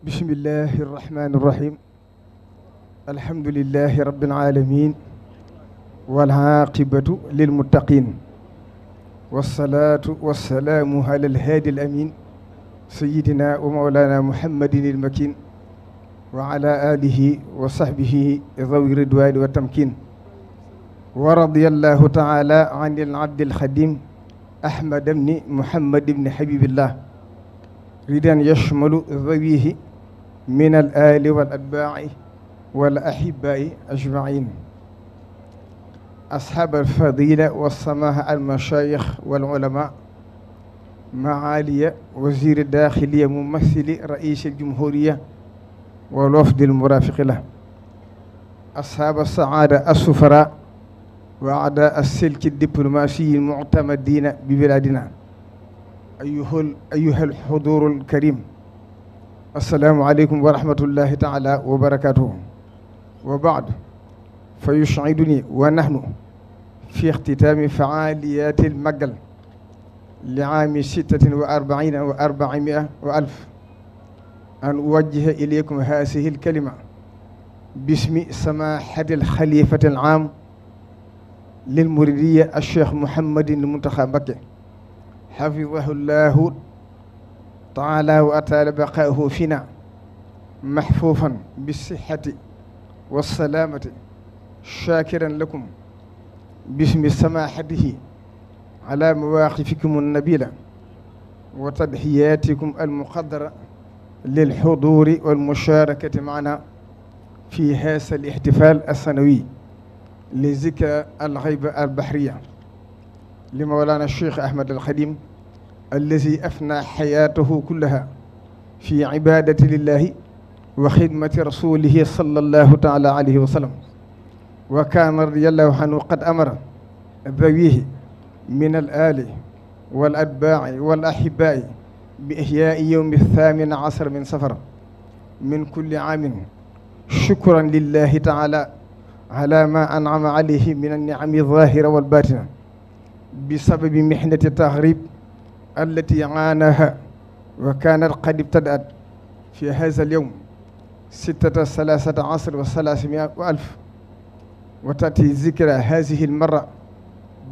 bismillahi irrahmani irrahim alhamdulilahi rabilalamin walaqibatu lilmuttaqin walsalatu walsalaamu ala alhaadi alamin sayidina wa maulana muhammadin ilmakin wa ala alihi wa sahbihi zawi ridwani wa tamkin wa radiyallahu taala an alabdi alxadim ahmad ibni muhammad ibni habibillah ridan yashmalu zawihi min al aali wal atbaa'i wal ahibaa'i ajma'iin asxaab al fadila wa samaha al mashaayix wal ulamaa maaliya waziri daaxiliya mumathili raïs al jumhuriya wal wafdi al muraafiqi la asxaab al saada al sufara wa adaa al silki diplomaasi al muctamadiina bi bilaadina ayuha al xuduur al kariim asalaamualeykum wa rahmatullahi taala wa barakaatuhu wa baadu fa yushiduni wa nahnu fi ixtitaami faaliyaati lmaggal li aami sittatin wa arbaina wa arbaimia wa alf an uwajjiha ilaykum haasihi lkalima bismi samahati alxalifati alaam lilmuridiya alcheikh muhammadin muntaxa Mbakke xafidahu llahu taala wa ataala baqaahu fina maxfuufan bisixati wassalaamati shaakiran lakum bismi samaaxatihi ala mawaaqifikum annabila wa tadxiyaatikum almuqadara lilxuduri walmusharakati maana fi haasa alixtifal alsanawi li zikra alxayba albahriya li mawlaana cheikh ahmad alxadim allazi afna xayaatahu kullaha fi ibadati lillahi wa xidmati rasulihi sallallahu taala alayhi wa sallam wa kaana radiallahu anhu qad amara dawihi min al ali wal atbaaci wal ahibaai bi ihyaai yowmi thamin asar min safar min kulli aamin shukran lillahi taala ala ma ancama alayhi min annicami zahira walbatina bi sababi mihnati tahrib التي عاناها وكانت قد ابتدأت في هذا اليوم ستة ثلاثة عشر وثلاثمائة وألف وتأتي ذكرى هذه المرة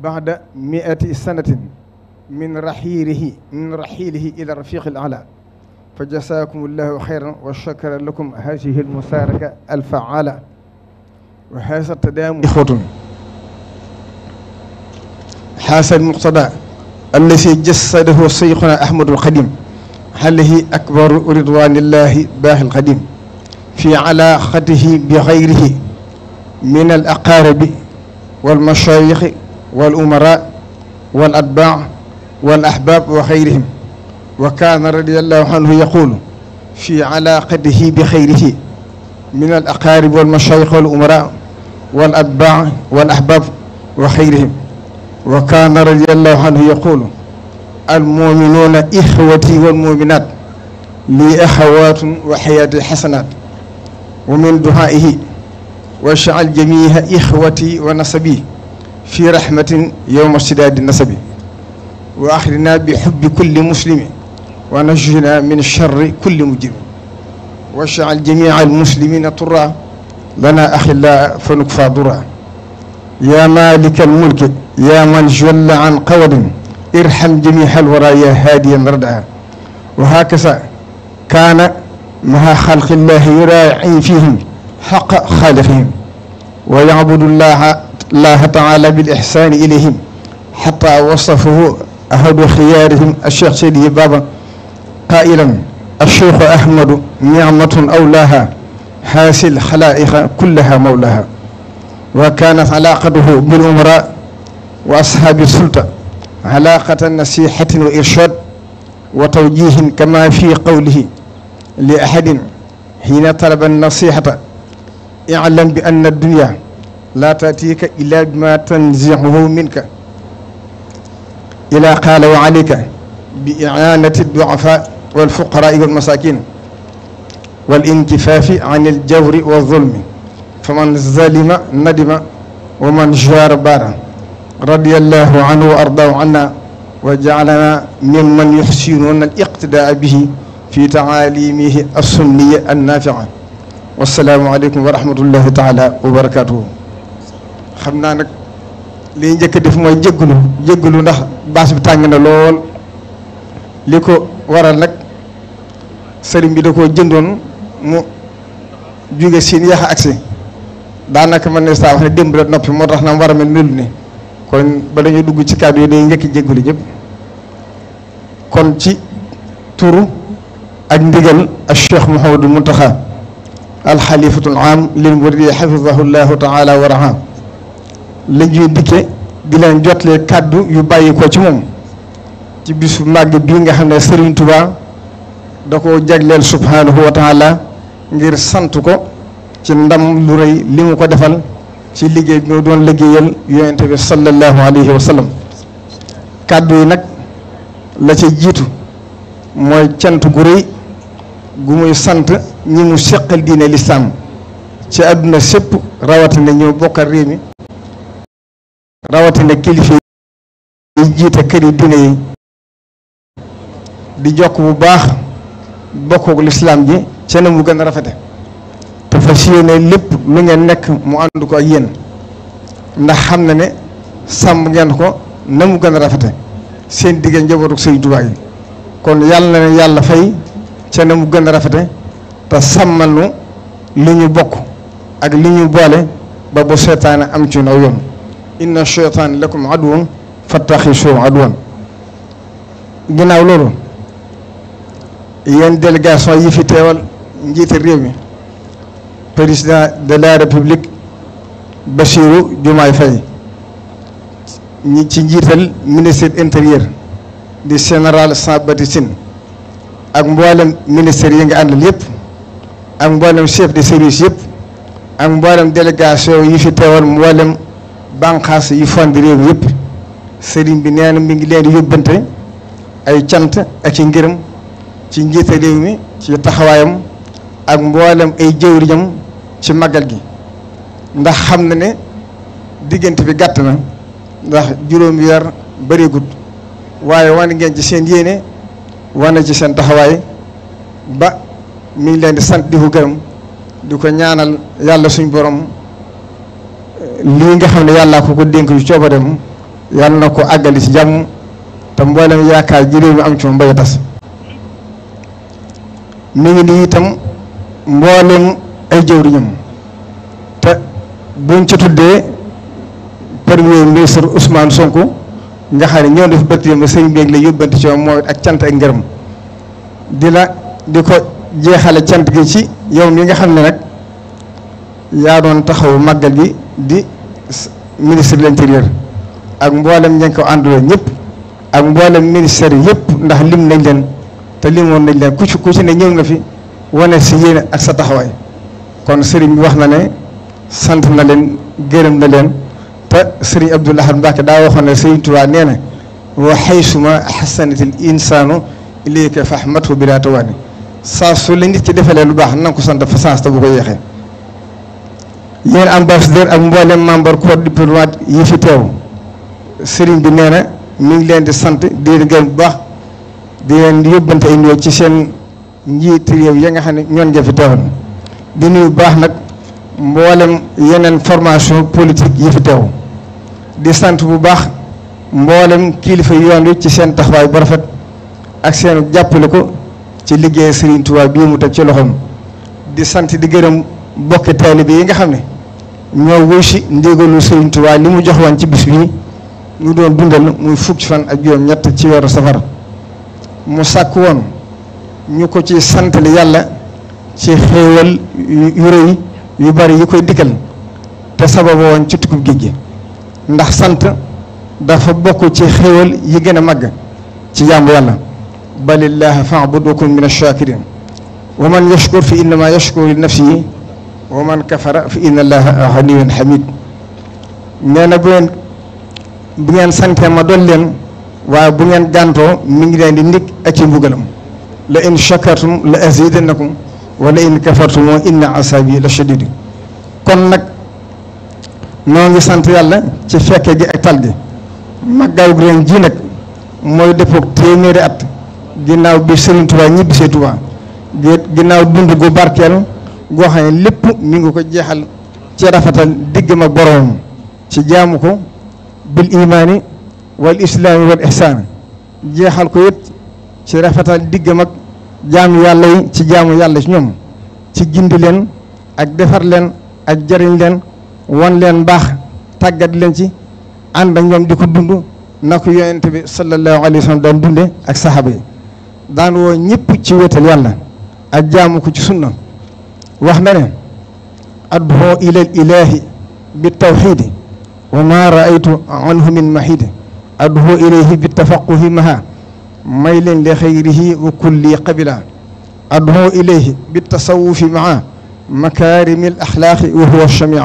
بعد مئة سنة من رحيله من رحيله إلى الرفيق الأعلى فجزاكم الله خيرا وشكرا لكم هذه المشاركة الفعالة وهذا التداوم إخوة هذا المقتضى allazi jassadahu seyxuna ahmadul xadim alayhi akbaru ridwanillahi baaxil xadim fi alaaqatihi bi xayrihi min al aqaaribi wal mashayixi wal umara wal atbaa wal ahbaab wa xayrihim wa kaana radiyallahu anhu yaqulu fi alaaqatihi bi xayrihi min al aqaarib wal mashayix wal umara wal atbaa wal ahbaab wa xayrihim wa kaana radiyallahu anhu yaqulu almuminuuna ixwati walmuminaat lii axawaatun wa xayaati xasanaat wa min duhaa'ihi waj'al jamiiha ixwati wa nasabi fi rahmatin yowma sidaadi nasabi wa axrinaa bi xubbi kulli muslimi wa najjinaa min charri kulli mujrimin waj'al jamiica almuslimiina turra lanaa axillaa fa nukfaa duraa yaa maalika almulki yaa man jalla an qawadin irham jamiha alwara ya haadiyan radaa wa hakaza kaana maha xalqi llahi yuraaci fihim xaqa xaaliqihim wa yacbudu llaha llaha taala bil ihsani ilayhim xata wasafahu ahadu xiyaarihim acheikh seydi baba qaa'ilan acheikhu ahmadu nicmatun awlaaha haasil xalaa'iqa kullaha mawlaaha wa kaanat alaaqatuhu bil umara wa ashaabi sulta alaaqatan nasihatin wa irshaad wa tawjihin kama fi qawlihi li ahadin hiina talaba an-nasihata i'lam bi anna ad-dunya laa taatiika illaa bimaa tanzihuhu minka ilaa qaala wa alayka bi i'aanati ad-du'afaa wal fuqaraa'i wal masaakiin wal inkifaafi an al-jawri wa zulmi faman zalima nadima wa man jaara baara radiyallahu anhu wa ardaahu anna wa jaalana mimman yuxsinuuna al iqtidaa bihi fi taalimihi assunniya annafia wasalaamu aleykum wa rahmatullahi taala wa barakatuhu xam naa nag li njëkk a def mooy jéggalu jéggalu ndax baas bi tàng na lool li ko waral nag sëriñ bi da koo jëndoon mu jóge siin yaxa agsi daanaka mën ne saa wax ne démb la noppi moo tax na mu war a mel melu ni kon ba dañu dugg ci kàddu yi day njëkk jéggulu ñëpp kon ci turu ak ndigal ak cheikh Mouhamadou Mountakha alxalifatul am lil muridi xafidahu llahu taala wa raha la ñuy dikke di leen jotlee kàddu yu bàyyi ko ci moom ci bisu màgg bii nga xam ne Serigne Touba da ko jagleel subhanahu wa taala ngir sant ko ci ndam lu réy li mu ko defal ci liggéey bi mu doon liggéeyal yonente bi sallallahu alayhi wa sallam kàddu yi nag la ci jiitu mooy cant gu rëy gu muy sant ñi mu seqal diine lislaam ci àdduna sépp rawatina ñoo bokkal réew mi rawatina kilifa yi jiite kër yi diine yi di jokk bu baax bokkook lislaam ji ca na mu gën a rafete fas yéene lépp lu ngeen nekk mu ànd ko ndax xam na ne sàmm ngeen ko na mu gën a rafete seen digge njabootu sëñ Tuubaa kon yàlla na ne yàlla fay ca na mu gën a rafete te sàmmal nu li ñu bokk ak li ñu boole ba bu seytaane am ci naw yoon inna seytaan fa aduwwan fattaxisuuhu aduwwan ginnaaw loolu yéen délégation yi fi teewal njiite réew mi président de la république Bassirou Diomaye Faye ñi ci njiital ministre intérieur di sénéral Jean-Baptiste ak mboolem ministère yi nga àndal yëpp ak mboolem chef de service yëpp ak mboolem délégation yi fi teewal mboolem bànqaas yi fond réew yëpp sëriñ bi nee mi ngi leen di yóbbante ay cant ak ci ngërëm ci njiital réew mi ci taxawaayam ak mboolem ay jëwriñam ci màggal gi ndax xam na ne diggante bi gàtt na ndax juróom weer bëreegut waaye wane ngeen ci seen yéene wane ci seen taxawaay ba mi ngi leen di sant di ko gërëm di ko ñaanal yàlla suñ boroom eh, lii nga xam ne yàllaa ko ko dénk yu cooba dem yàlla na ko àggali ci jàmm te mboolem yaakaar ji réew mi am ci moom bay tas mi ngi nii itam mboolem ay jëwriñam te buñ ci tuddee premier ministre Ousmane Sonko nga xam ne ñoo def bët yëngu sëñ beeg la yóbbante ci mooy ak cant ak ngërëm di la di ko jeexale cant gi ci yow mi nga xam ne nag yaa doon taxaw màggal gi di ministre de l'intérieur ak mboolem ña ko ànduloo ñëpp ak mboolem ministère yëpp ndax lim nañ leen te limoon nañ leen ku ci ku ci ne ñëw nga fi wane si yéen ak sa taxawaay. kon sëriñ bi wax na ne sant na leen gërëm na leen te sëriñ Abdou Lahad Mbacké daa waxoon ne sëriñ Tuubaa nee na wa xaysuma xasanatil insaanu ilayka fahmathu bilaa tawaani saa su la nit ci defalee lu baax na nga ko sant fa saas te bu ko yéexee yéen ambassadeur ak mboolem membre corps diplomate yi fi teew sëriñ bi nee na mi ngi leen di sant di leen gërëm bu baax di leen yóbbante ay ci seen njiit réew ya nga xam ne ñoon nga fi teewoon di nuyu baax nag mboolem yeneen formation politique yi fi teew di sant bu baax mboolem kilifa yoon wi ci seen taxawaay bu rafet ak seen jàppale ko ci liggéey Serigne Touba bii mu teg ci loxoom di sant di gërëm bokki taalibe yi nga xam ne ñoo wuy si ndigalu Serigne li mu jox woon ci bis bii ñu doon dundal muy fukki fan ak juróom-ñett ci weeru safar mu sàkk woon ñu ko ci santale yàlla. ci xéewal yu rëy yu bari yi koy dikkal te sababa woon ci tukkub géej gi ndax sant dafa bokk ci xéewal yi gën a màgg ci jaamu yàlla balillaahi fa'budu kun min ash-shakirin wa man yashkur fi innama wa man kafara fi inna allaha ghaniyyun hamid nee na bu ngeen bu ngeen ma doon leen waaye bu ngeen gàntoo mi ngi leen di ndig ak ci mbugalam la in shakartum la azidannakum wala in kafartumoo inna asabi la shadid kon nag moo ngi sant yàlla ci fekk gi ak tal gi màggaayu ren ji nag mooy defoog téeméeri at ginnaaw bi Serigne Touba ñibbi see Touba ginnaaw dund gu barkeel goo xam lépp mu ngi ko jeexal ci rafetal diggam ak boromam ci jaamu ko bil imaani wal islaami wal ihsaan jeexal ko it ci rafetal diggam ak jaamu yàlla yi ci jaamu yàlla ci ñoom ci gindi leen ak defar leen ak jëriñ leen wan leen baax tàggat leen ci ànd ak ñoom di ko dund na ko yonent bi sallallahu alayhi wa daan dunde ak saxaaba yi daan woo ñëpp ci wéetal yàlla ak jaamu ko ci sunna wax na ne adduhoo ilal ilaahi bi tawxiidi wa ma raaytu anhu min mahidi adduhoo ilayhi bi tafaquhi maha may leen li xayrihi wa kulli qabila adho ilayhi bi tasawufi maa makaarimi al axlaaqi wa huwa chamia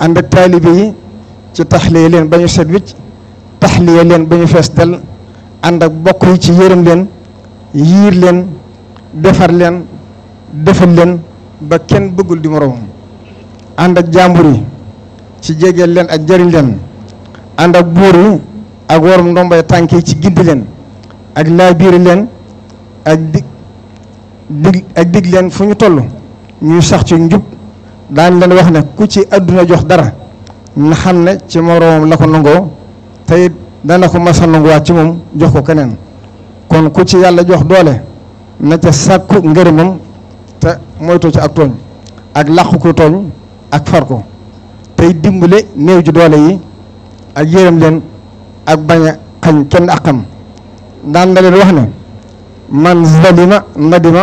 ànd ak taalibe ci taxliya leen ba ñu set wicc taxliya leen ba fees del ànd ak bokk ci yërëm leen yiir leen defar leen defal leen ba kenn bëggul di moroomam ànd ak jàmbur ci jegeel leen ak jëriñ leen ànd ak buur yi ak warum ndombay tànk yi ci gindi leen ak laa biir leen ak dig dig ak dig leen fu ñu toll ñuy sax ci njub daan leen wax ne ku ci àdduna jox dara na xam ne ci moroomam la ko nangoo tey dana ko masa nanguwaat ci moom jox ko keneen kon ku ci yàlla jox doole na ca sàkku ngërëmam te moytu ci ak tooñ ak làqu ko tooñ ak far ko tey dimbale néew ji doole yi ak yërëm leen ak bañ a xañ kenn àqam daan na leen wax ne man zalima nadima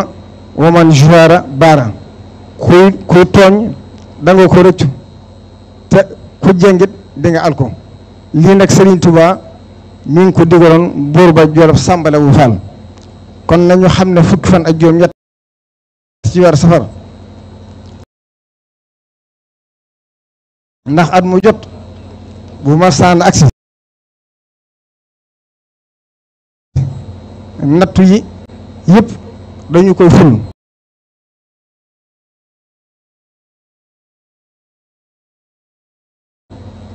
wa man juwaara baara kuy kuy tooñ da ko rëccu te ku jëngit di nga alko lii nag Serigne Touba mi ngi ko digaloon buur ba Jolof Sàmbale wu Faal kon nañu xam ne fukki fan ak juróom-ñett ci weer safar ndax at mu jot bu ma agsi nattu yi yëpp dañu koy ful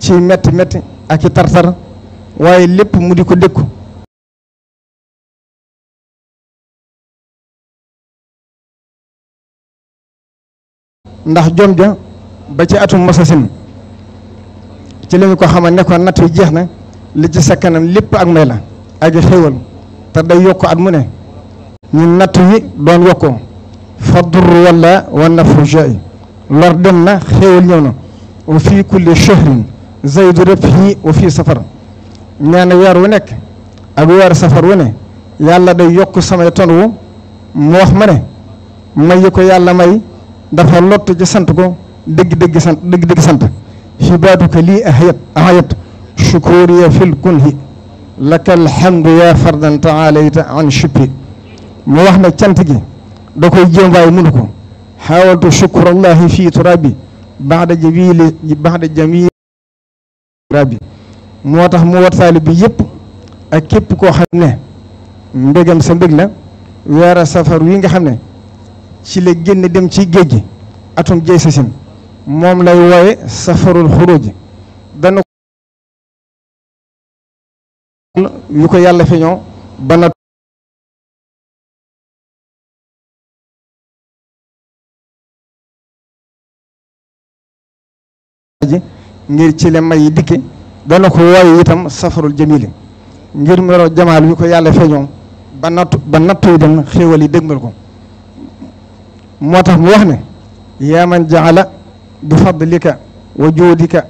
ci metti metti ak i tartar waaye lépp mu di ko dékku ndax jom ja ba ci atum masasin ci lañu ko xamal ne natt yi jeex na li ci sa kanam lépp ak may la ak xéewal te day yokk at mu ne ñu natt wi doon yokkoo fadur wala wa nafru jaa'i lor dem na xéewal ñëw na wa fii kulli shahrin zaydu rabhi wa fii safar nee na weer wu nekk ak weer safar wu ne yàlla day yokk samay ton wu mu wax ma ne may ko yàlla may dafa lott ci sant ko dëgg dëgg sant dëgg dëgg sant xibaatuka lii ahayat ahayat shukuriya fil kunhi lakal hamdu yaa fardan ta an shippi mu wax na cant gi da koy jéem mënu ko xawaltu shukurallahi fii turabi baxda jamili baxda jamili turabi moo tax mu war taali bi yëpp ak képp koo xam ne mbégam sa mbég la weera safar wi nga xam ne ci la génn dem ci géej gi atum jay sasin moom lay wooye safarul xuruj dana yu yàlla feeñoo ba na ji ngir ci le may yi dikke dana ko wooyu itam safarul jamili ngir mero jamaal yu ko yàlla feeñoo ba nattu ba nattu dem xéewal yi dégmal ko moo tax mu wax ne yaa man jaala bi fadlika wa juudika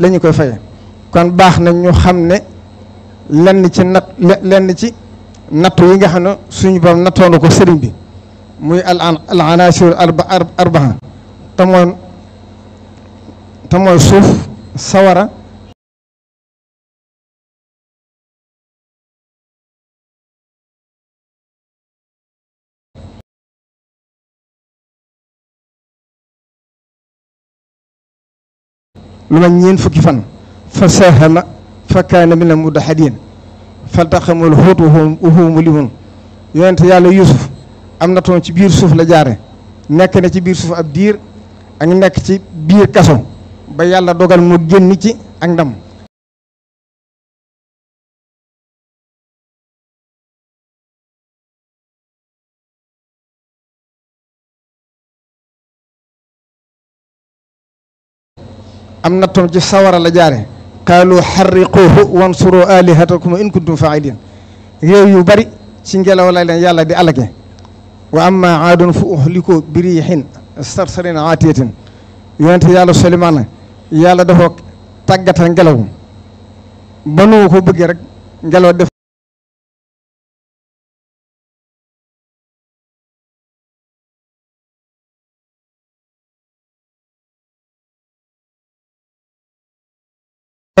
lañu koy faye kon baax na ñu xam ne lenn ci nat lenn ci nattu wi nga xam ne suñu borom nattoon ko sëriñ bi muy al al anasur arba arbaha te mooy suuf sawara lu ma ñeen fukki fan fa sahama fa kaana min al mudahadin fa taqamul xuut waxumu limun yonente yàlla yuusuf am na toon ci biir suuf la jaare nekk na ci biir suuf ab diir ak nekk ci biir kaso ba yàlla dogal mu génn ci ak ndam am nattoom ci sawara la jaare qaalu xarriquuhu wansuru alihatakum in kuntum failin réew yu bari ci ngelaw la leen yàlla di alake wa amma aadun fa uhliku bi riixin sarsarin aatiyatin yonente yàlla Suleymaan yàlla dafa tàggatal ngelaw ba ko bëggee rek ngelaw def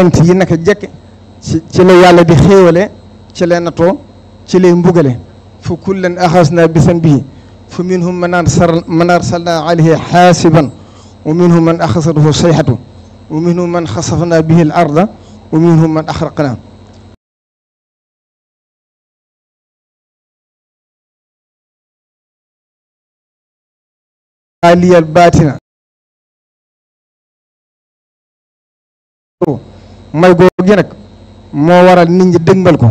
yonent yi naka jekk ci ci la yàlla di xéewale ci lay natoo ci lay mbugale fu kullan axasna bi sanbihi fa minhum man arsalna alayhi xaasiban wa minhum man axasatuhu sayxatu wa minhum man xasafna bihi al arda wa minhum man axraqna aliyal baatina may googi nag moo waral nit ñi dëgmal ko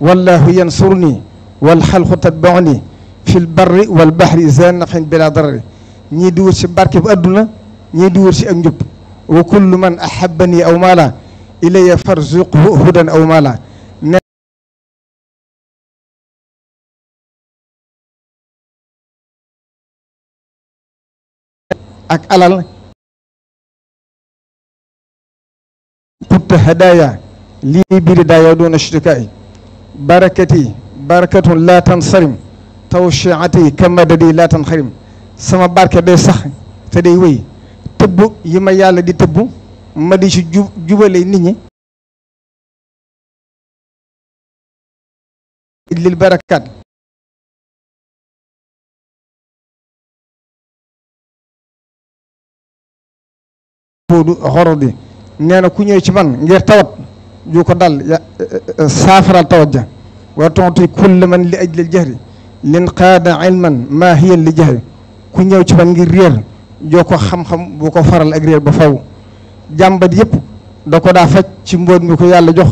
wallahu yansur nii walxalqu tatbao nii fil barri wal bahri zanaqin bila darari ñii di wut si barke bu adduna ñii di wut si ak njub wa kullu man ahabani aw maala ilaya farzuqhu hudan aw maala ak alal هدايا لي بردايا دون اشتكاء بركتي بركة لا تنصرم توشيعتي كمددي لا تنخرم sama barke day sax te day wéy tëbb yi ma yàlla di tëbb ma di ci jubale nit ñi lil barakat nee na ku ñëw ci man ngir tawat ju ko dal eh, eh, saafaral tawat ja wa tontu kull man li ajli jahri lin qaada ilman maa hiya li jahri ku ñëw ci man ngir réer joo ko xam-xam bu ko faral ak réer ba faw jàmbat yëpp da ko daa faj ci mbóot mi ko yàlla jox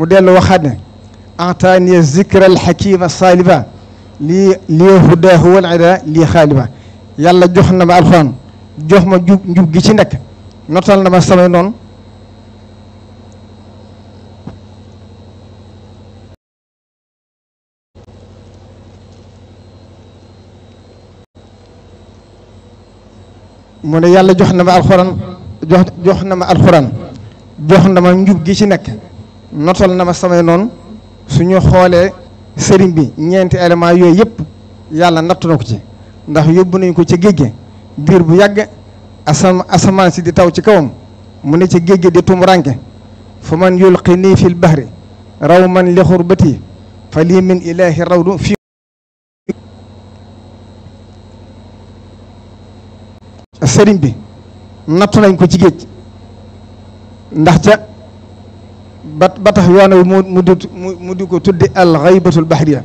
mu dellu waxaat ne ataani zikral xakima saaliba lii lii hudaahu wal ida yàlla jox na ma alxuraan jox ma jub njub gi ci nekk notal na ma samay noonu mu ne yàlla jox na ma alxuraan jox jox na ma alxuraan jox na ma njub gi ci nekk notal na ma samay noonu suñu xoolee sëriñ bi ñeenti élément yooyu yëpp yàlla nattu na ko ci ndax yóbbu nañ ko ci géej gi bu yàgg asam si di taw ci kawam mu ne ci géej gi di tumuranke fa man yulqi nii fil bahri raw man li xurbati fa lii min ilaahi rawdu fii sëriñ bi nattu nañ ko ci géej ndax ca ba batax tax yoon wi mu mu di mu di ko tuddi al xaybatul bahriya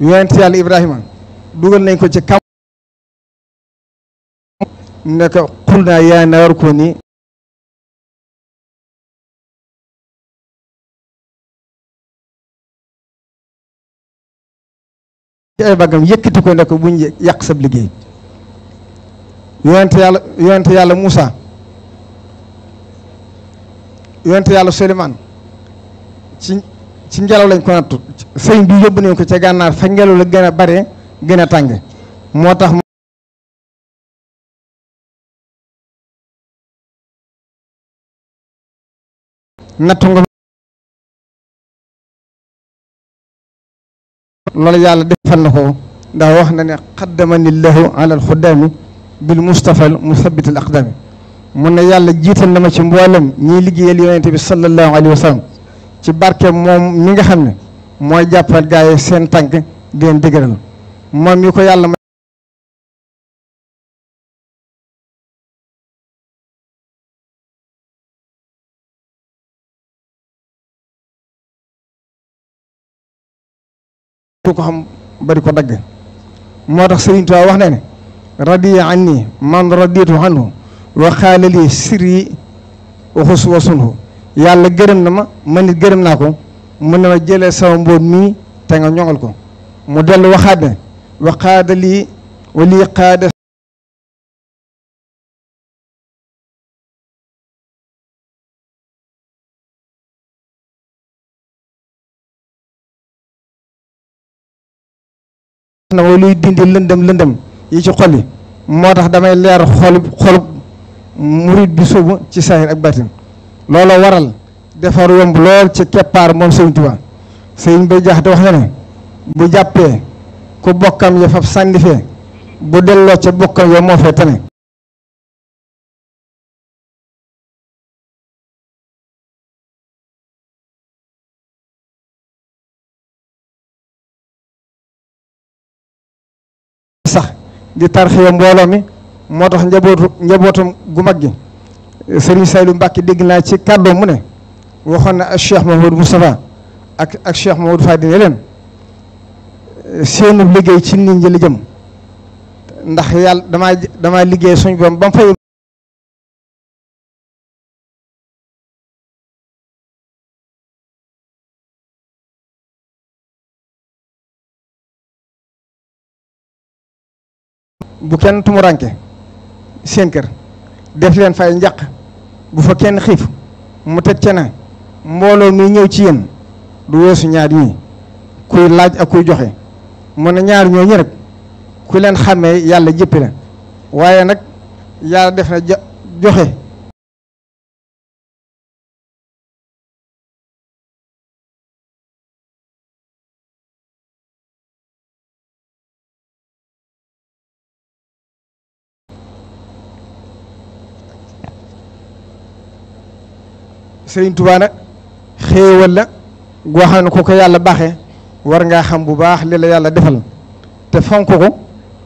yonent yàlla Ibrahima dugal nañ ko ci kam ne ko xul naa yaa naaru ko ni ci ay bàggam ko ne ko buñ yàq sab liggéey yonent yàlla yonent yàlla Moussa yonent yàlla Souleymane ci ci ngelaw lañ ko nattu ko ca gànnaar fa ngelaw la gën a bare gën a tàng moo tax nattu nga loolu yàlla defal na ko ndax wax na ne xaddamani llahu ala alxuddaami bil mu musabbitil aqdami mun na yàlla jiital na ma ci mboolem ñiy liggéeyal yonente bi sallallahu alayhi wa ci barke moom mi nga xam ne mooy jàppal gaa yi seen tànk di dëgëral moom mi ko yàlla may ku ko xam bari ko dagg moo tax Sëriñ wax na ne radiya anni man yàlla gërëm na ma man it gërëm naa ko mu ne ma jëlee sama mbóot mii te nga ñoŋal ko mu dellu waxaat ne wa qaada lii wa lii qaada na wa luy dindi lëndëm lëndëm yi ci xol moo tax damay leer xolub xolub murit bi sóobu ci saahir ak baatin loola waral defar yomb lool ci keppaar moom Sëriñ Tuubaa bu jàppee ku bokkam ya fab sànni fee bu delloo ca bokkam ya moo fee tane sax di tarxiya mbooloo mi moo tax njabootu njabootum gu mag gi Serigne lu Mbacke dégg naa ci kàddoom mu ne waxoon na ak Cheikh Mahamadou Moustapha ak ak Cheikh Mahamadou Fadi ne leen seenu liggéey ci nit ñi jëm ndax yàlla damaa damaa liggéey suñ borom ba mu bu kenn tumuranke seen kër def leen fay bu fa kenn xiif mu teg ca na mbooloo mi ñëw ci yéen du weesu ñaar ñii kuy laaj ak kuy joxe mu ne ñaar ñooñu rek ku leen xàmmee yàlla jëppi la waaye nag yàlla def na joxe sëriñ Tuubaa nag xéewal la goo ne ku ko yàlla baaxee war ngaa xam bu baax li yàlla defal te fonk ko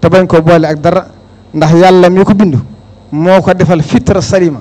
te bañ koo boole ak dara ndax yàlla mi ko bind moo ko defal fitra salima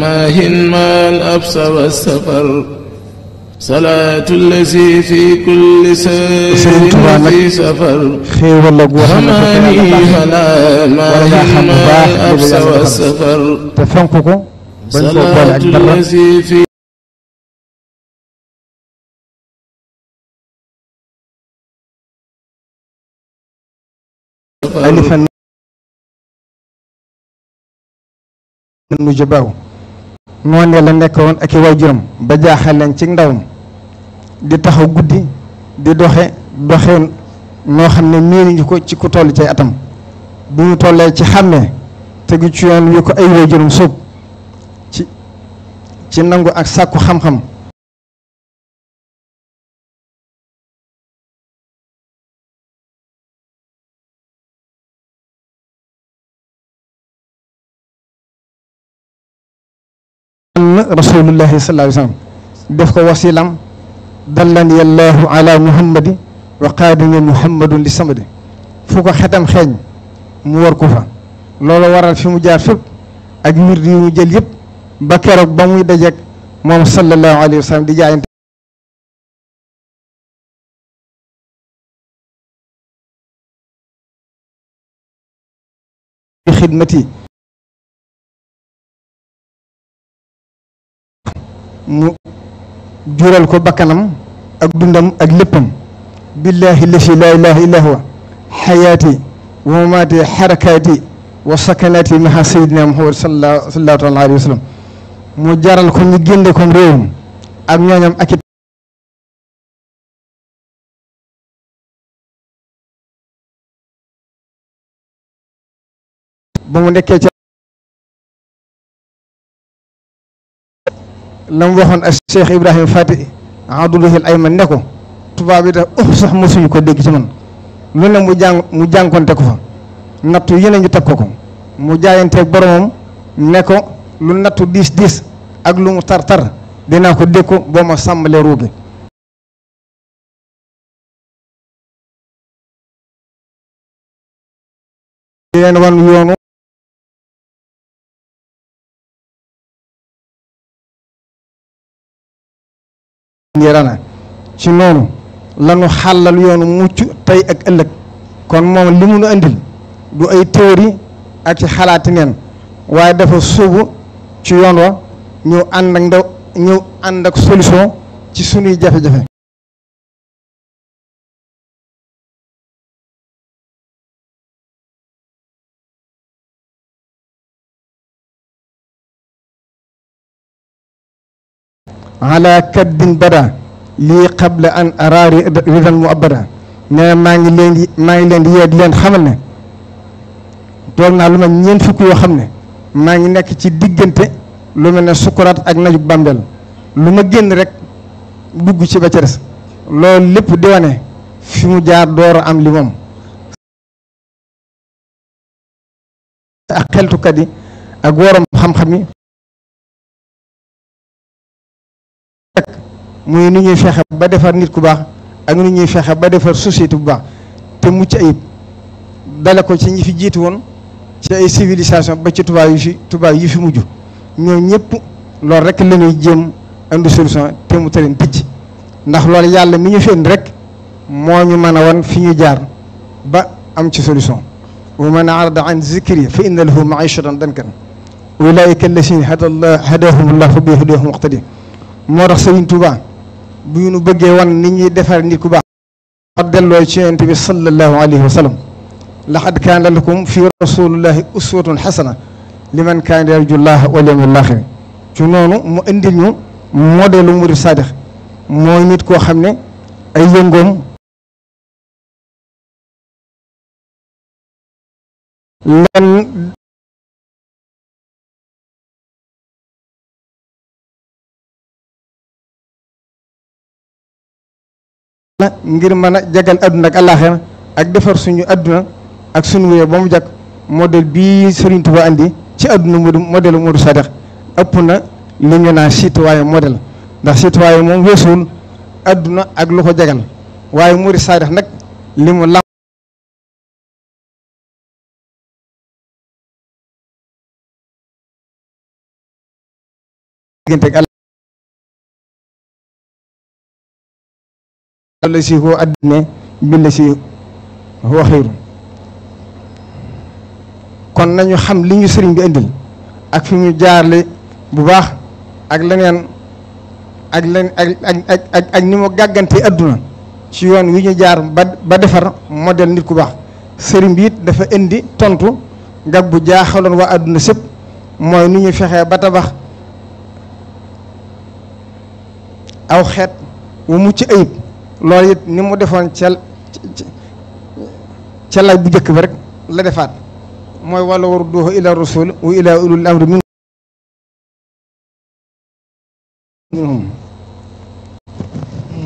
ماهن ما الأبس والسفر صلاة الذي في كل سير في سفر خماني فلا ماهن ما الأبس والسفر صلاة الذي في ألفا نجباه noonee la nekkoon ak i waajuram ba jaaxal leen ci ndawam di taxaw guddi di doxe doxe noo xam ne miinuñu ko ci ku toll ci atam bu ñu tollee ci xàmmee tegu ci yoon wi ko ay waajuram sóob ci ci nangu ak sàkku xam-xam rasulullahi sallallahu alayhi wa sallam def ko wasilam dallani allahu ala muhammadi wa qaadani muhammadun li samadi fu ko xetam xeeñ mu war ko fa loolu waral fi mu jaar fépp ak mbir yu mu jël yëpp ba keroog ba muy dajeeg moom sallallahu alayhi wa sallam di jaayante bi mu jural ko bakkanam ak dundam ak léppam billahi lasi laa ilaha illa huwa wa mamaati xarakaati wa sakanaati maha sayidina muhammad sallallahu taala alayhi wa sallam mu jaral ko ñu ko réewam ak ñooñam ak ba mu nekkee ca la mu waxoon ak Cheikh Ibrahima Fati Abdoulahi Ayman ne ko tubaab yi daf ëpp sax mosuñu ko dégg ci man lu ne mu jàng mu jànkonte ko fa nattu yeneen ñu teg ko ko mu jaayanteeg boromam ne ko lu nattu diis diis ak lu mu tar tar dinaa ko dékku boo ma sàmmalee ruugi di wan yoonu ngirana ci noonu lanu xàllal yoonu mucc tey ak ëllëg kon moom li mu nu andil du ay théorie ak ci xalaati neen waaye dafa sóobu ci yoon wa ñëw ànd ak ndaw ñëw ànd ak solution ci sunuy jafe-jafe ala kaddin bada lii qabla an ara ridan mu abada nee maa ngi leen maa ngi leen di yee di leen xamal ne toog naa lu ma ñeent fukk yoo xam ne maa ngi nekk ci diggante lu mel ne sukuraat ak naju bàmbeel lu ma génn rek dugg ci ba ca des lépp di wane fi mu jaar door am li moom ak xeltukat yi ak wóorom xam-xam yi muy ni ñuy fexe ba defar nit ku baax ak nu ñuy fexe ba defar société bu baax te mucc ay dale ko ci ñi fi jiitu woon ci ay civilisation ba ci tubaab yu fi tubaab yu fi mujj ñoom ñëpp loolu rek la ñuy jéem indi solution te mu tëleen picc ndax lool yàlla mi ñu fi rek moo ñu mën a wan fi ñu jaar ba am ci solution wa man arada an zikri fa inna lahu maishatan dankan ulaika allazina hada a hadahum allah fa bi hudahum muqtadi moo tax Sëriñ Tuubaa bu ñu bëggee wan nit ñuy defar nit ku baax ak delloo ci yonent bi sallallahu alayhi wa sallam laqad kaana lakum fi rasulillahi uswatun xasana liman kaana yarju llaha wal yawmal axir ci noonu mu indil ñu modèle murid saadix mooy nit koo xam ne ay yëngoom lenn farata ngir mën a jagal adduna ak àllaaxira ak defar suñu adduna ak suñu wéyoo ba mu jag modèle bii Serigne Touba andi ci adduna mu modèle Modou Sadikh ëpp na li ñu naan citoyen modèle ndax citoyen moom weesuwul adduna ak lu jagal waaye Modou Sadikh nag li mu la la si koo addine bind si waxiiru kon nañu xam li ñu sëriñ bi indil ak fi ñu jaarle bu baax ak leneen ak len ak ak ni mu gàggante adduna ci yoon wi ñu jaar ba defar modèle nit ku baax sëriñ bi it dafa indi tontu gag bu jaaxaloon waa adduna sëpp mooy nu ñu fexee ba tabax aw xeet wu mucc ayib loolu it ni mu defoon ca ca laaj bu njëkk bi rek la defaat mooy wala waru duuxu ila rasul wa ila ulul amri minhum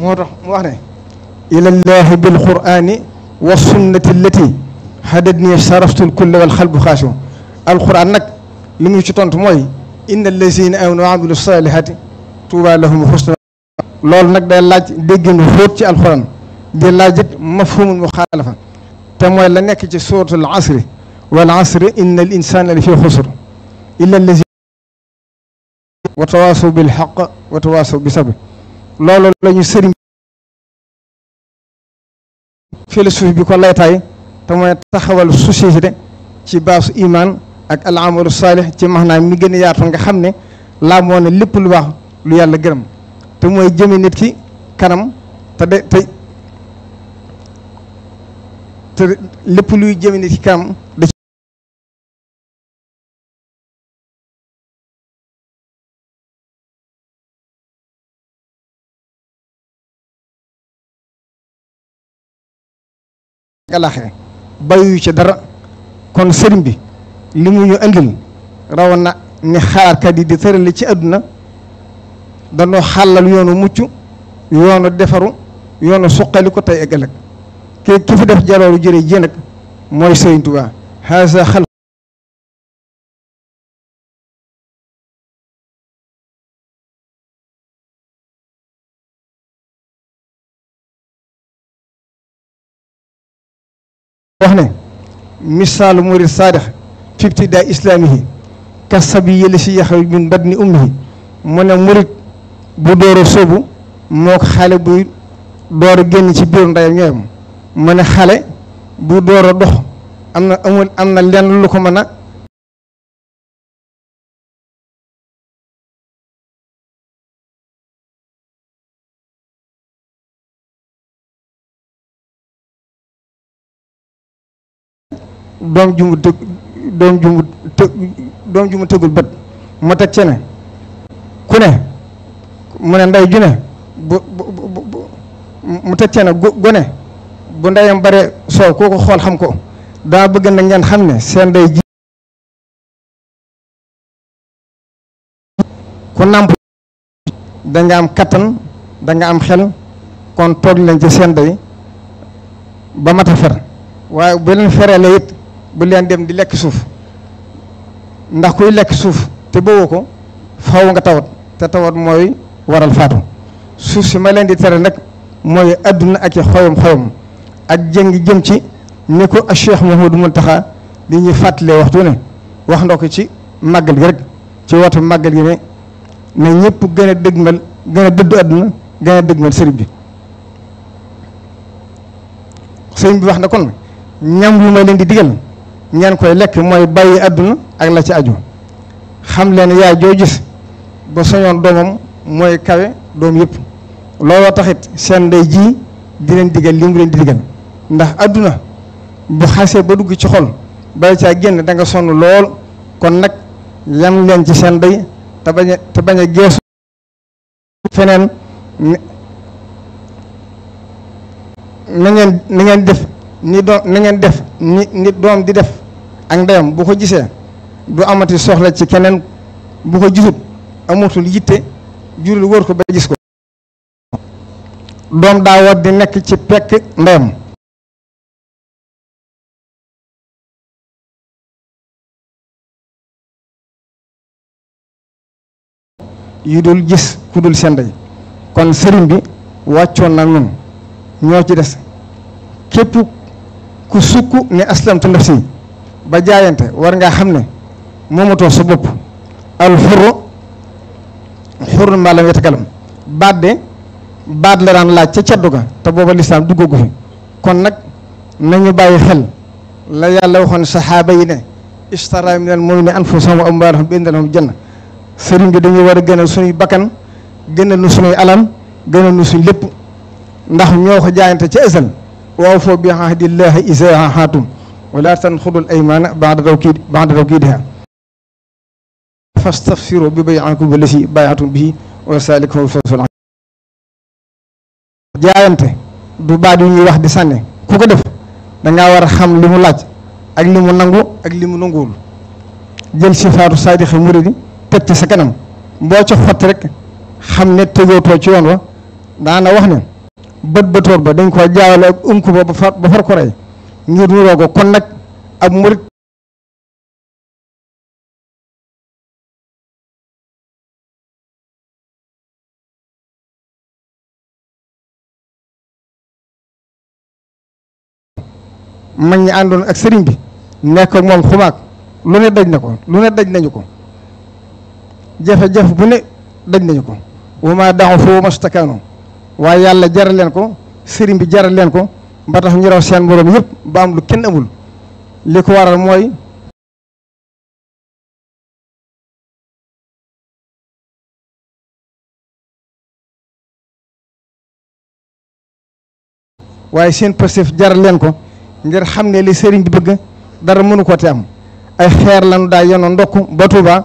moo tax mu wax ne ilallahi bil qurani wa sunnati allati hadadni saraftul kulla wal xalbu xaasio alquran nag li mu ci tontu mooy inna allazina amanu wa amilu salihati tuuba lahum xusna loolu nag day laaj déggin xóot ci alxuraan di laaj it mafhumul muxaalafa la nekk ci suuratul asri wal asri inna al insaana la fi xusr illa allazi wa tawaasaw bil xaq wa bi sabr loolu la sëriñ philosophie bi ko laytaay te taxawal société ci baasu imaan ak al amalu saalix ci maanaam mi gën a yaatu nga xam ne laa moo ne lépp lu baax lu yàlla gërëm te mooy jëme nit ki kanam te de te lépp luy jëme nit ki kanam da alaxira bàyyu ci dara kon sëriñ bi li mu ñu andil rawoon na ni xalaatkat yi di tërale ci àdduna danoo xàllal yoonu mucc yoonu defaru yoonu suqali ko tey ëggalëg ki ki fi def jalooru jëre ji nag mooy Sëriñ Tuubaa haasa xal wax ne misaalu murid saadix fi ibtidaa islaamihi sabi yëli si yaxaw min badni ummihi mu ne murid bu door a moo ko xale buy door génn ci biir ndeyam ñooyam mu ne xale bu door a dox am na amul am na lenn lu ko mën a doom ju mu tëg doom ju mu bët moo teg ci ku ne mu ne nday gi ne bu mu tëccee na gone bu ndeyam bare soow kooku xool xam ko daa bëgg na ngeen xam ne seen nday ji ku nàmp danga am kattan danga am xel kon toog leen ci seen day ba mat a fer waaye bu leen ferale bu leen dem di lekk suuf ndax kuy lekk suuf te bëggoo ko faw nga tawat te tawat mooy waral faatu suuf si ma leen di tere nag mooy àdduna ak i xoyom xoyom ak jëngi jëm ci ni ko moom Cheikh Mouhamadou Mountakha li ñuy fàttalee waxtu ne wax ndox ko ci màggal gi rek ci woote màggal gi ne ne ñëpp gën a dëgmal gën a dëddu adduna gën a dëgmal sëriñ bi sëriñ bi wax na kon ñam wu ma leen di digal ñaan koy lekk mooy bàyyi adduna ak la ci aju xam leen yaay joo gis ba soñoon doomam mooy kawe doom yëpp looloo taxit seen nday ji di leen digal li mu leen di digal ndax àdduna bu xasee ba dugg ci xol bala caa génn da nga sonn lool kon nag yam leen ci seen ndey te bañ te bañ a geesu feneen na ngeen na ngeen def ni doom na ngeen def ni ni doom di def ak ndeyam bu ko gisee du amati soxla ci keneen bu ko gisut amatul yitte jurul wër ko ba gis ko doom daa war di nekk ci pekk ndeyam yu dul gis ku dul seen ndey kon sëriñ bi wàccoon nag nun ñoo ci des képp ku sukk ne aslamtu nafsi ba jaayante war ngaa xam ne moomatoo sa bopp alxurru xurul maalam yatakalam baat de baat la daan laaj ca caddu ga te booba lislaam duggagu fi kon nag nañu bàyyi xel la yàlla waxoon saxaaba yi ne istara minal mu'minina anfusahum wa amwaalahum bi anna lahumul janna sëriñ bi dañuy war a gënal suñuy bakkan gënal nu suñuy alal gënal nu suñ lépp ndax ñoo ko jaayante ca ësal waaw foo bi ahdillahi izaa ahaatum wala tanxudul aymaana ba'da tawkiid ba'da tawkiidihaa fastafiru bi bay'ikum allati bay'atum bihi wa zalika huwa al-fawzul azim jaayante du baat yu ñuy wax di sànne ku ko def dangaa war a xam li mu laaj ak li mu nangu ak li mu nanguwul jël sifaatu saadixi muridi teg ci sa kanam boo ca xott rek xam ne tegootoo ci yoon wa daana wax ne bët bëtoor ba dañ ko jaawale ak unk ba ba far ko rey ngir nuroo ko kon nag ab murit mag ñi àndoon ak sëriñ bi nekk moom xumaag lu ne daj na ko lu ne daj nañu ko jafe-jafe bu ne daj nañu ko wama daaw foo waaye yàlla jaral leen ko sëriñ bi jaral leen ko ba tax ñu seen moroom yëpp ba am lu kenn amul li ko waral mooy waaye seen pëstéef jaral leen ko ngir xam ne li sëriñ bi bëgg dara mënu ko te am ay xeer lañu daa yonoon ndokk ba Touba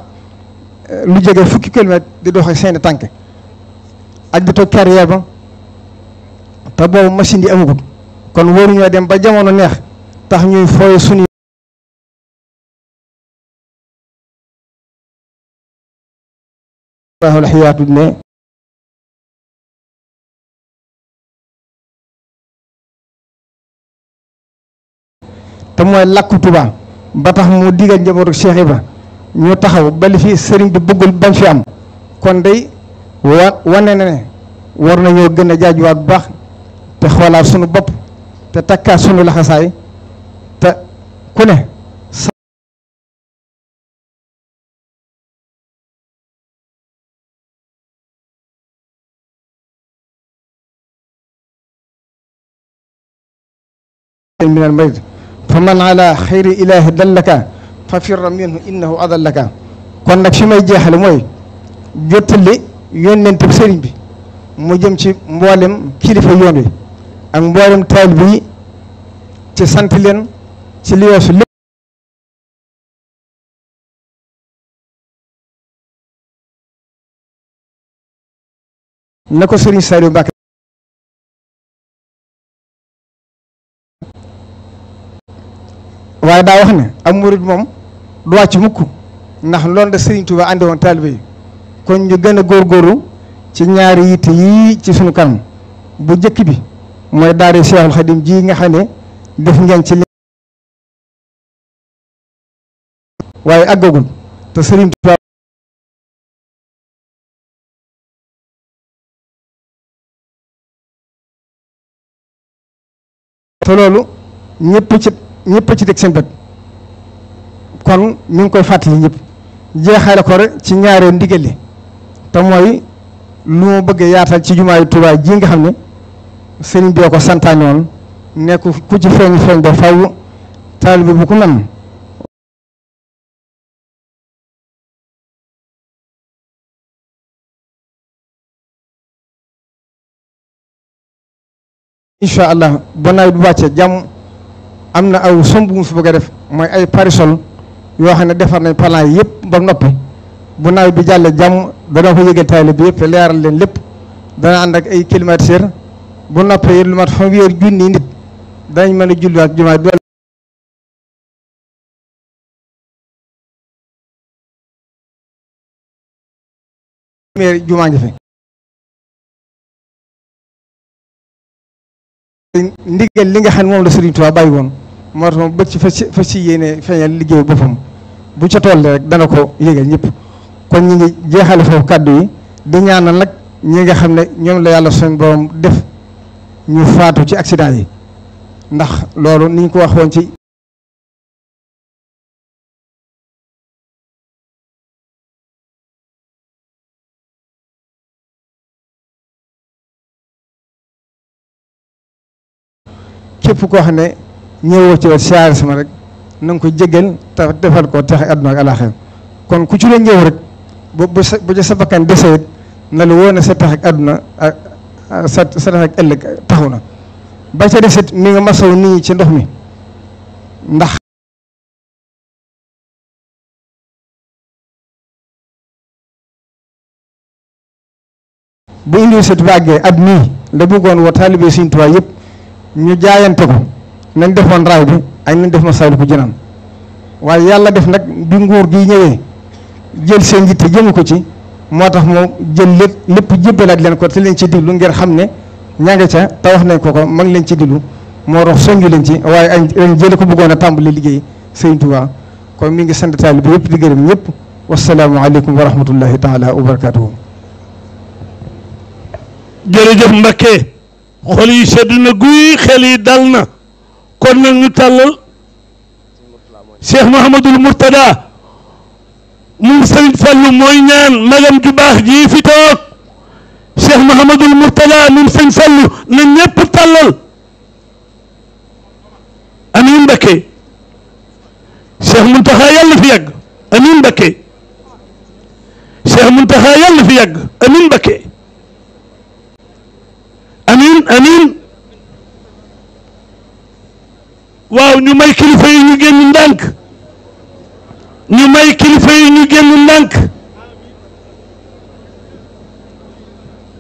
eh, lu jege fukki kilomètre di doxe seeni tànk ak di toog carrière ba te boobu machine yi amagut kon waruñoo dem ba jamono neex tax ñuy fooye sunu te mooy làkku Tuubaa ba tax mu digal njabootu Cheikh Ibra ñu taxaw ba li fi sëriñ bi bëggul bañ fi am kon day wa wane na ne war nañoo gën a jaajuwaat bu baax te xoolaat sunu bopp te takkaat sunu laxasaay te ku ne fa man ala xayri ilahi dallaka fa firra minhu innahu adallaka kon nag fi may jeexale mooy jottali yónnentub sëriñ bi mu jëm ci mboolem kilifa yoon ak mboolem taalibe yi ci sant leen ci li na ko sëriñ Saliou Mbacké waaye daa wax ne ak murid moom du ci mukk ndax loolu da Serigne Touba àndi woon yi kon ñu gën a góorgóorlu ci ñaari yitte yii ci suñu kanam bu njëkk bi mooy daara Cheikhul Khadim ji nga xam ne def ngeen ci li waaye te loolu ñëpp ci ñëpp ci teg seen bët kon mu ngi koy fàttali ñëpp jeexale ko rek ci ñaaree ndigal li te mooy lu mu bëgg yaatal ci jumaayu Tuubaa ji nga xam ne sëriñ bi ko santaane woon nekk ku ci feeñ feeñ ba faw taalibe bu ku man incha allah ba nawet bu wàccee jàmm am na aw somb mu fi bëgg a def mooy ay parisol yoo xam ne defar nañ plan yi yëpp ba noppi bu nawet bi jàllee jàmm dana ko yëgal taalibe bi leeral leen lépp dana ànd ak ay climatiseur bu noppee lu mat fanweer a julliwaat jumaa bi premier jumaa ngi fi ndigal li nga xam ne moom la Sëriñ Tuubaa bàyyi woon moo tax moom bët ci fas fas ci yéene feeñal liggéey boppam bu ca toll rek dana ko yëgal ñépp kon ñi ngi jeexale foofu kàddu yi di ñaanal nag ñi nga xam ne ñoom la yàlla suñ borom def ñu faatu ci accident yi ndax loolu ni ñu ko waxoon ci képp koo xam ne ñëwoo ci wet siyaare sama rek na nga ko jéggal te defal ko tax àdduna ak alaaxira kon ku ci la ñëw rek bu bu sa bu sa bakkan desee na lu woon sa tax ak àdduna ak sa sa ak ëllëg taxu na ba ca desit mi nga masaw nit ci ndox mi ndax. bu université bi àggee at mii la bëggoon woo taalibe Sëriñ yëpp ñu jaayante ko. nañ defoon raay bi ak nañ def ma saylu ko jënaan waaye yàlla def nag bi nguur gi ñëwee jël seen yitte jëmu ko ci moo tax mu jël lépp lépp jébbalaat leen ko te leen ci diglu ngir xam ne ña nga ca te wax nañ ko ko mag ngi leen ci diglu moo rox soññu leen ci waaye ay ren ko bëggoon a tàmbali liggéey Sëriñ Tuubaa kon mu ngi sant taal bi yëpp di gërëm ñëpp wasalaamualeykum wa rahmatullahi taala wa barakaatuhu. jërëjëf Mbacke xol yi sedd na guy xel na. kon nag ñu tàllal Cheikh Mouhamadul Mourtada moom mooy ñaan magam ju baax ji fi toog Cheikh Mouhamadul Mourtada moom Serigne Fallou na ñëpp tàllal amiin Mbakke Cheikh Mountakha yàlla fi yàgg amiin Mbakke Cheikh mu yàlla fi yàgg amiin Mbakke waaw ñu may kilifa yi ñu génn ndànk ñu may kilifa yi ñu génn ndànk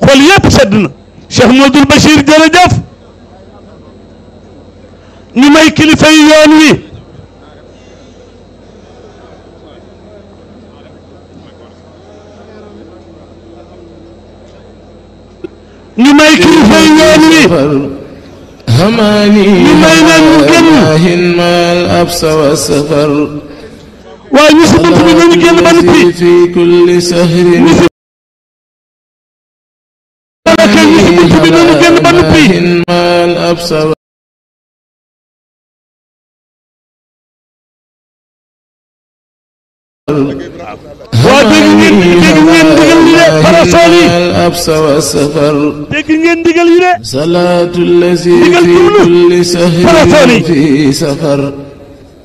xool yépp sedd na Cheikh Modou Bachir jërëjëf ñu amali li may naan mu génn waaye ñu si bunt bi nañu génn ba noppi ñu si bunt bi nañu génn ba noppi الحبس والسفر صلاة الذي في كل سهر في سفر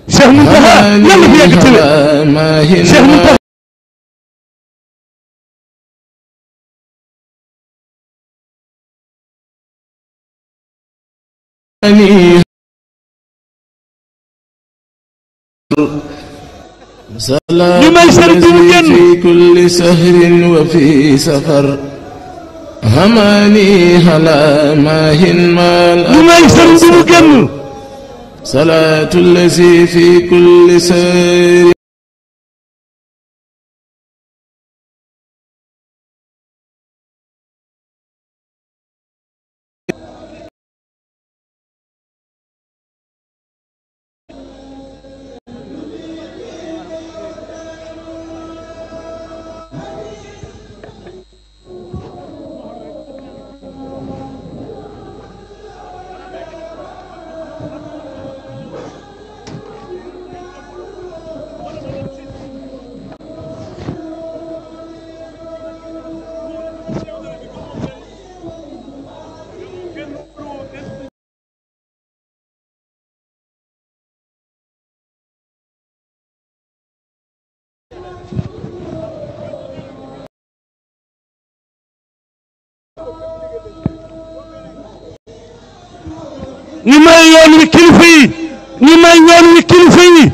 شيخ منتهى يلا في يقتل شيخ منتهى سلام في كل سهر وفي سفر هماني هلا ما هنمال صلاة الذي في كل سير ñu may yoon wi kilifa yi ñu may yoon wi kilifa yi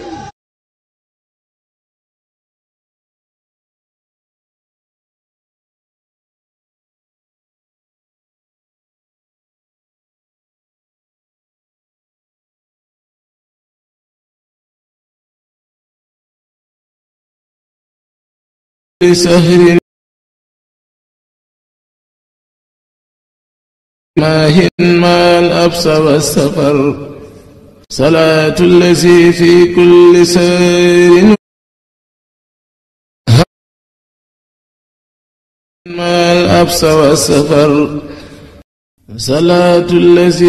سهر ماهن ما الأبس والسفر صلاة الذي في كل سير ما الأبس والسفر صلاة الذي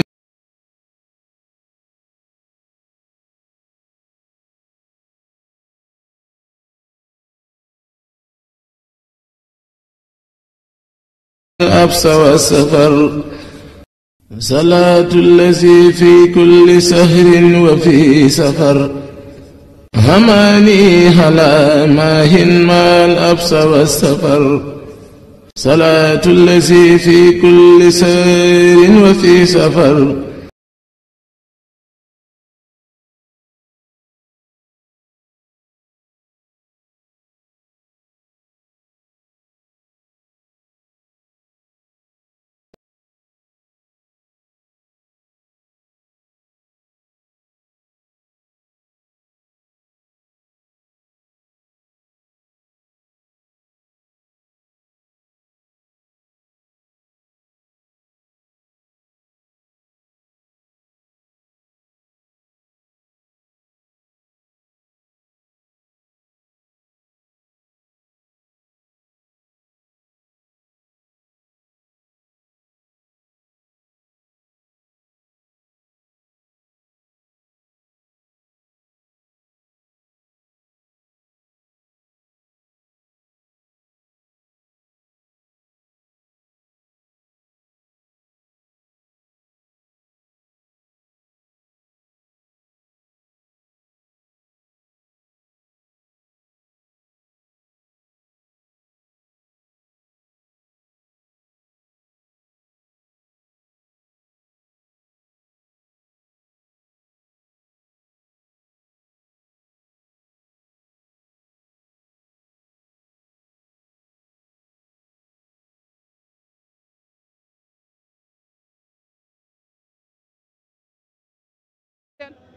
أبصى وسفر صلاة الذي في كل سهر وفي سفر هماني هلا ماهن ما الأبصى والسفر صلاة الذي في كل سهر وفي سفر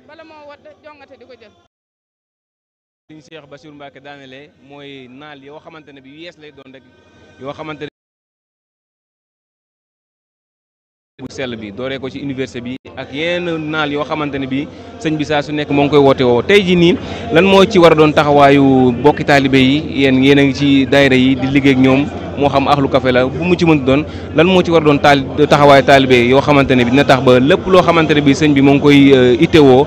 bala moo wadd jongate di ko jël. Sëriñ Cheikh Bassirou Mbacké daanelee mooy naal yoo xamante ne bi yees lay doon rek yoo xamante ne bu bi dooree ko ci université bi ak yenn naal yoo xamante ne bi sëñ bi saa su nekk moo ngi koy woote woo tey jii nii lan moo ci war doon taxawaayu bokki taalibe yi yéen yéen a ngi ci daayira yi di liggéey ak ñoom moo xam ahlu café la bu mu ci mënti doon lan moo ci war doon taal taxawaay taalibe yoo xamante ne bi dina tax ba lépp loo xamante ne bi sëñ bi moo ngi koy euh, itewoo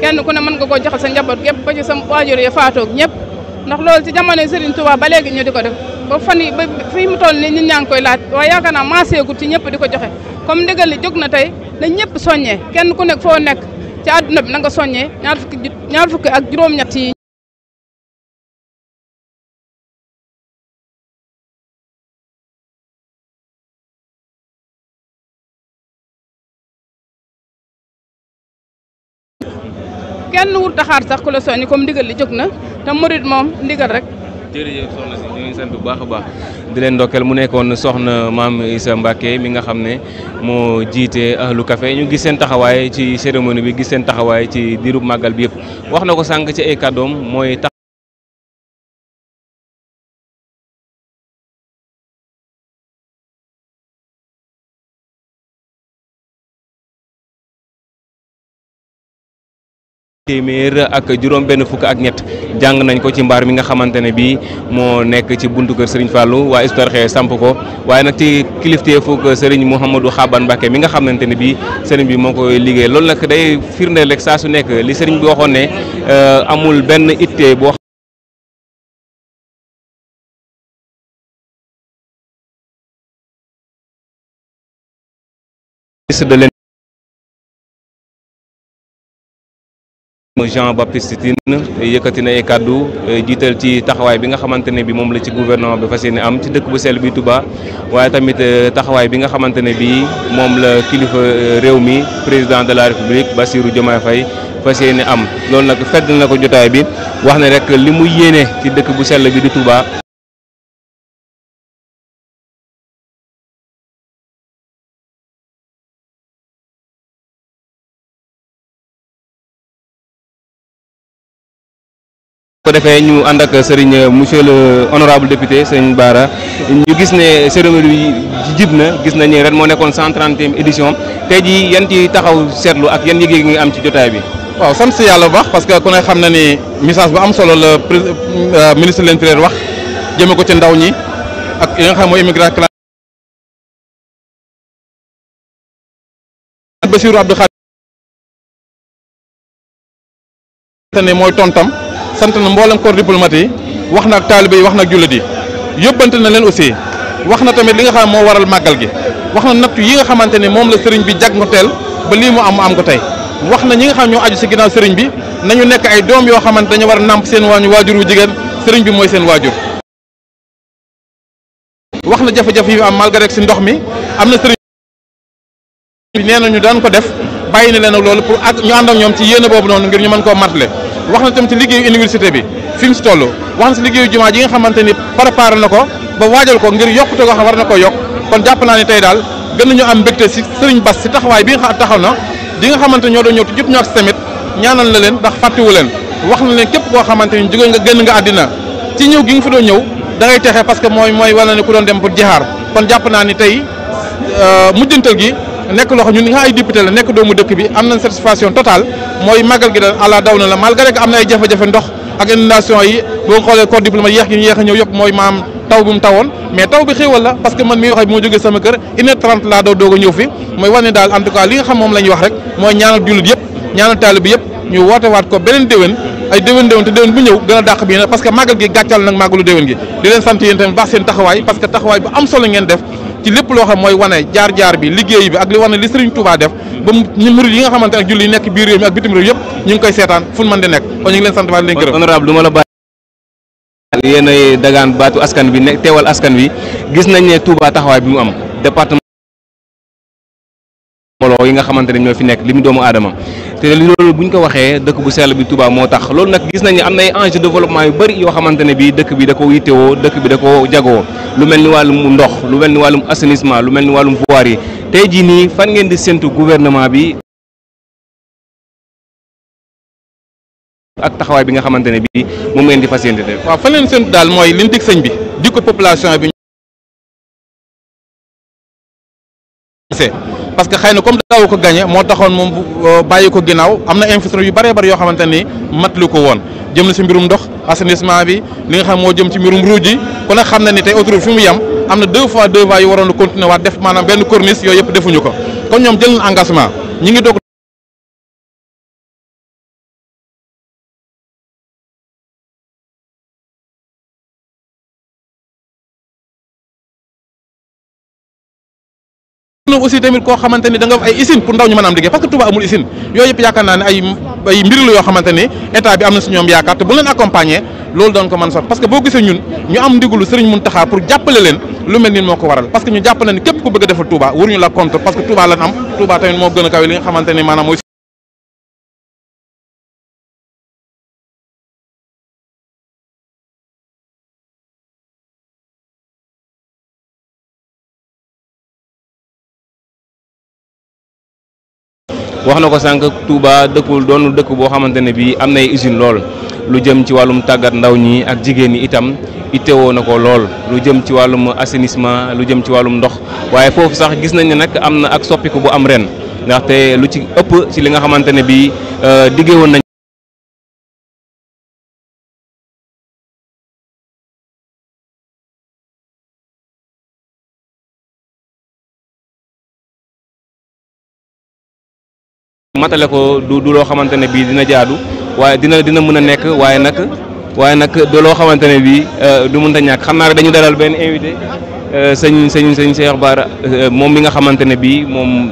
kenn ku ne mën nga koo joxal sa njaboot gépp ba ci sa waajur ya faatoog ñëpp ndax loolu ci jamonoy Serigne Touba ba léegi ñu di ko def ba fan yi ba mu toll nii ñun ñaa koy laaj waaye yaakaar naa maaseegut ci ñëpp di ko joxe comme ndigal li jóg na tey na ñëpp soññee kenn ku nekk foo nekk ci àdduna bi na nga soññee ñaar fukki ak juróom-ñett yi kenn wut taxaar sax ku la soññi comme ndigal li jóg na te murit moom ndigal rek. jërëjëf soxna si ñu ngi sant bu baax a baax di leen ndokkeel mu nekkoon soxna maam Issa Mbacke mi nga xam ne moo jiite ahlu kafe ñu gis seen taxawaay ci cérémonie bi gis seen taxawaay ci diirub màggal bi yëpp wax na ko sànq ci ay kàddoom mooy téeméer ak juróom benn fukk ak ñett jàng nañ ko ci mbaar mi nga xamante ne bii moo nekk ci buntu kër Serigne Fallou waa Hizbut-Tarqiyyah samp ko waaye nag ci kilifteefug Serigne Mouhamadou Xaban Mbacké mi nga xamante ne bii Serigne bi moo koy liggéey loolu nag day firndeel rek saa su nekk li Serigne bi waxoon ne euh, amul benn ittee boo xam Jean Baptiste Tine eh, yëkkati na ay kàddu eh, jiital ci taxawaay bi nga xamante ne bi moom la ci gouvernement bi fas yéene am ci dëkk bu sell bi Touba waaye tamit eh, taxawaay bi nga xamante ne bi moom la kilifa réew mi président de la république Bassirou Diomaye Faye fas yéene am loolu nag fedd na ko jotaay bi wax ne rek li mu yéene ci dëkk bu sell bi di Touba defee ñu ànd ak sëriñ euh, monsieur le honorable député sëriñ Bara ñu gis ne cérémonie bi jib na gis nañu ren moo nekkoon 130e édition tey jii yan taxaw seetlu ak yan yëg-yëg nga am ci jotaay bi. waaw sant si yàlla bu baax parce que ku ne xam na ni message bu am solo la euh, ministre de l'intérieur wax jëme ko ci ndaw ñi ak yi nga xam mooy immigré Bassirou Abdou Khadre mooy tontam. sant na mboolem corps diplomatique yi wax na ak taalibe yi wax na ak jullit yi yóbbante na leen aussi wax na tamit li nga xam moo waral màggal gi wax na nattu yi nga xamante ne moom la sëriñ bi jag nga teel ba lii mu am mu am ko tey wax na ñi nga xam ñoo aju si ginnaaw sëriñ bi nañu nekk ay doom yoo xamante dañu war a nàmp seen waañu waajur wu jigéen sëriñ bi mooy seen waajur wax na jafe-jafe yi am malgré si ndox mi am na sëriñ bi nee na ñu daan ko def bàyyi na leen ak loolu pour ak ñu ànd ñoom ci yéene boobu noonu ngir ñu mën koo matale wax na tam ci liggéeyu université bi fi mu si toll wax na si liggéeyu jumaa ji nga xamante ni préparé na ko ba waajal ko ngir yokkute koo xam war na ko yokk kon jàpp naa ne tey daal gën nañu am mbégte si sëriñ Bass si taxawaay bi nga xam taxaw na di nga xamante ñoo doon ñëw te jot ñoo ak si tamit ñaanal na leen ndax fàttiwu leen wax na leen képp koo xamante ni jóge nga génn nga àddina ci ñëw gi nga fa doon ñëw da ngay texe parce que mooy mooy wala ne ku doon dem pour jixaar kon jàpp naa ni tey euh, mujjantal gi nekk loo xam ñun nga ay député la nekk doomu dëkk bi am nañ satisfaction totale mooy màggal gi daal àlla daw na la malgré que am na ay jafe-jafe ndox ak inondation yi boo xoolee corps diplôme yéex gi ñu yéex a ñëw yëpp mooy maam taw bu mu tawoon mais taw bi xéewal la parce que man mi waxee bi ma jógee sama kër une heure laa daw doog a ñëw fi mooy wane daal en li nga xam moom la wax rek mooy ñaanal jullit yëpp ñaanal taali bi ñu woote a dàq bii na parce que màggal gi gàccal nag ci lépp loo xam mooy wane jaar-jaar bi liggéey bi ak li wane li Serigne Touba def ba ñu murid yi nga xamante ak julli yi nekk biir réew ak bitim réew yëpp ñu ngi koy seetaan fu mën di nekk kon ñu leen sant baa leen gërëm honorable du ma la bàyyi yéen dagaan baatu askan bi nekk teewal askan bi gis nañ ne Touba taxawaay bi mu am département mbooloo yi nga xamante ne ñoo fi nekk li mu doomu adama te loolu bu ñu ko waxee dëkk bu sell bi Touba moo tax loolu nag gis nañu am na ay enjeu développement yu bëri yoo xamante ne bii dëkk bi da ko yittewoo dëkk bi da ko jagoo lu mel ni wàllum ndox lu mel ni wàllum assainissement lu mel ni wàllum voirie yi tey jii nii fan ngeen di séntu gouvernement bi ak bi nga xamante ne bii moom ngeen di fas yéene def. waaw fan leen séntu daal mooy liñ dig bi di ko population bi. parce que xëy na comme daawu ko gagné moo taxoon moom euh, bàyyi ko ginnaaw am na infrastructure yu bëree bëri yoo xamante ni matlu ko woon jëm na si mbirum ndox assainissement bi li nga xam moo jëm ci mbirum ruuj yi ku ne xam na ni tey autoroute fi mu yem am na deux fois yu waroon continuer waat def maanaam benn corniche yooyu yëpp defuñu ko kon ñoom jël na engagement ñi ngi doog ñoom aussi tamit koo xamante ni ay usine pour ndaw ñu mën am liggéey parce que amul usine yooyu yëpp yaakaar naa ne ay ay mbir yoo xamante ni bi am na si ñoom yaakaar te bu leen accompagner loolu doon ko mën sot parce boo gisee ñun ñu am ndigalu Serigne Mountakha pour jàppale leen lu mel ni moo ko waral parce ñu jàppale ni képp ku bëgg a defal Touba waruñu la contre parce que Touba am Touba tamit moo gën a kawe li nga xamante maanaam wax na ko sànq Touba dëkkul doonu dëkk boo xamante ne bii am nay usine lool lu jëm ci wàllum tàggat ndaw ñi ak jigéen ñi itam itteewoo na ko lool lu jëm ci wàllum assainissement lu jëm ci wàllum ndox waaye foofu sax gis nañ ne nag am na ak soppiku bu am ren ndaxte lu ci ëpp ci li nga xamante ne bii euh, diggé woon nañ matale ko du du loo xamante ne bii dina jaadu waaye dina dina mën a nekk waaye nag waaye nag du loo xamante ne bii euh, du mënta ñàkk xam naa dañu dalal benn invité euh, sëñ sëñ sëñ Cheikh Bara euh, moom mi nga xamante ne bii moom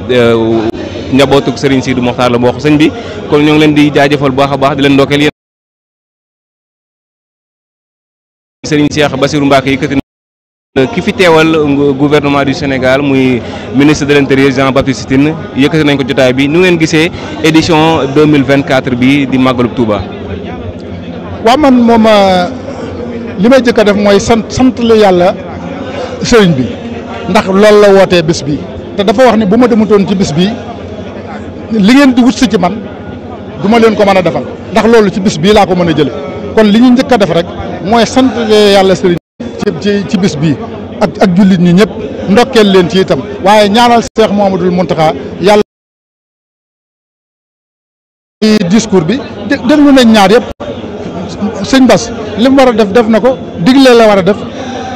njabootug Serigne Sidou Mokhtar la bokk sëñ bi kon ñoo leen di jaajëfal baax a baax di leen ndokkeel yéen Serigne Cheikh Bassirou Euh, ki fi teewal gouvernement du Sénégal muy ministre de l'intérieur Jean-Baptiste Tine yëkkati nañ ko jotaay bi nu ngeen gisee édition 2024 bi di màggalub Touba. waaw man moom euh, li may jëkk a def mooy sant sant yàlla sëriñ bi ndax loolu la wootee bis bi te dafa wax ni bu ma demutoon ci bis bi li ngeen di wut si ci man duma leen ko mën a defal ndax loolu ci bis bii laa ko mën a jële kon li ñu njëkk a def rek mooy sant yàlla sëriñ ci ci bis bi ak ak jullit ñi ñëpp ndokkeel leen ci itam waaye ñaanal Cheikh Mouhamadoul Mountakha yàlla discours bi déglu nañ ñaar yëpp sëñ Bass li mu def def na ko digle la war a def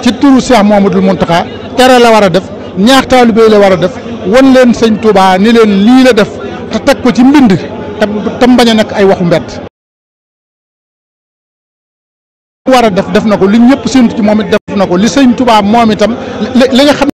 ci turu Cheikh dul Mountakha tere la war a def ñaax taalibe la war a def won leen sëñ Touba ni leen lii la def te teg ko ci mbind te tam bañ a ay waxu mbett war def def na ko li ñëpp séntu ci moom it def na ko li sëñ Tuubaa moom itam li nga xam